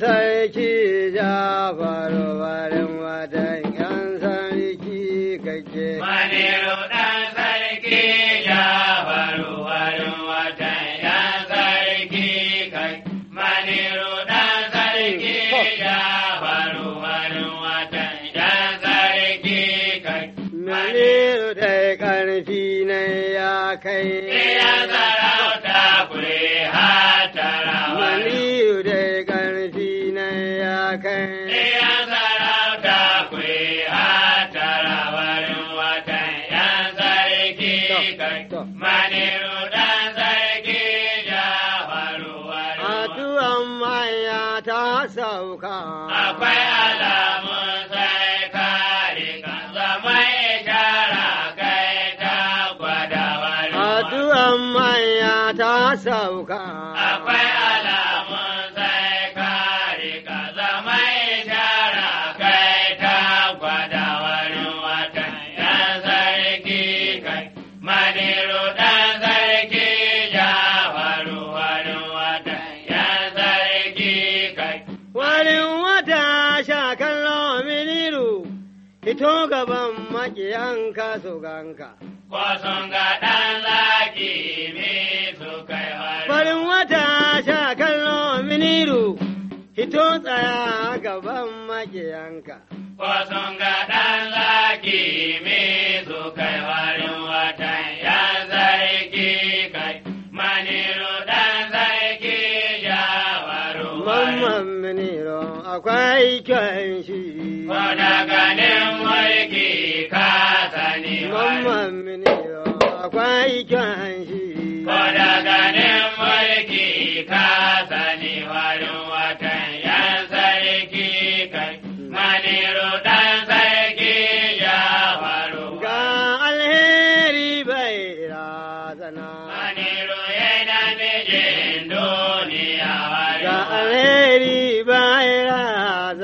sarki ja faru faruwarin watan yan sarki kake. Wani rudan sarki ja faru faruwarin watan yan sarki kake. Wani rudan sarki ja faru faruwarin watan yan sarki kake. Wani rudai karfi na ya kai. Ya zarauta kure hatara wani. sama ta sauka. Akwai alamun sai kare ka zama ishara kai ta gwada wani. Addu'an manya ta sauka. Akwai alamun Fito gaban maƙiyanka su ganka. Kwason ga ɗan zaki me su kai hari. Farin wata sha kallo miniru, fito tsaya gaban maƙiyanka. Kwason ga ɗan zaki me su kai farin wata akwai kyan shi. Fadaganin mulki ka sani Mamman miniyo akwai kyan shi. Fadaganin mulki ka sani warin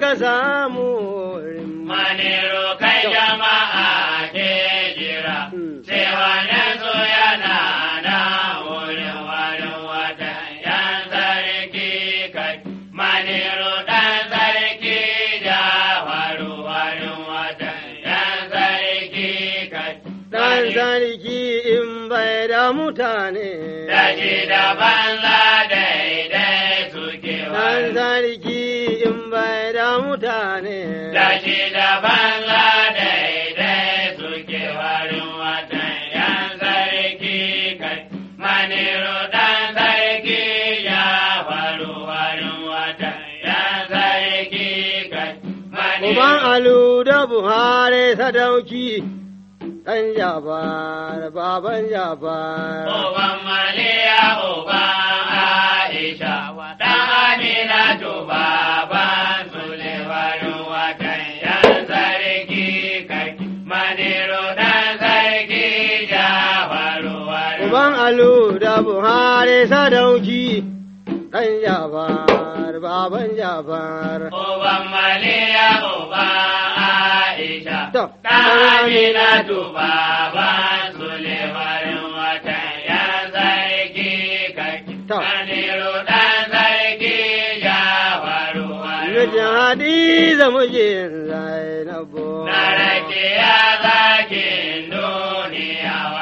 ka samu manero kai jama'a ke jira hmm. cewa ne zo yana na wurin wani wata yan sarki kai manero dan sarki da faru wani wata yan sarki kai dan sarki in bai da mutane da shi da banza mutane. Da shi da banga daidai suke warin watan yan sarki kai, maniru dan sarki ya faru warin watan yan sarki kai. Uban Alu da Buhari sadauki ɗan jabar, baban jabar. Oban Maliya, oban Aisha, ɗan Amina Dubai. baban alu da buhari sadauki ɗan jabar baban jabar uban maliya uba aisha ɗamina tuba ba su lebarin watan ya sarki kaki ɗaniru ɗan sarki jabaru wani jihadi zama jin zainabu na rake ya zaki duniya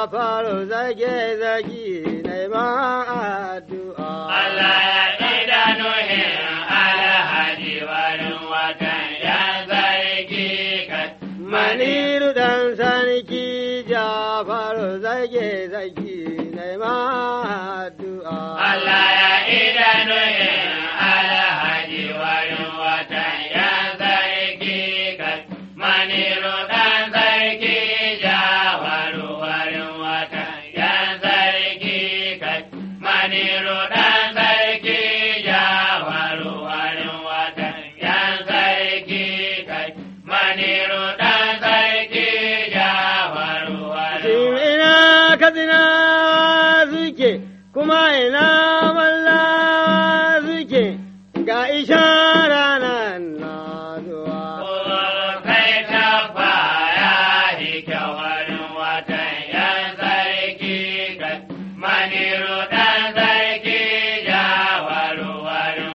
na faro zage zage na ma addu'a. Allah ya alhaji warin watan ya zargi Maniru sarki ja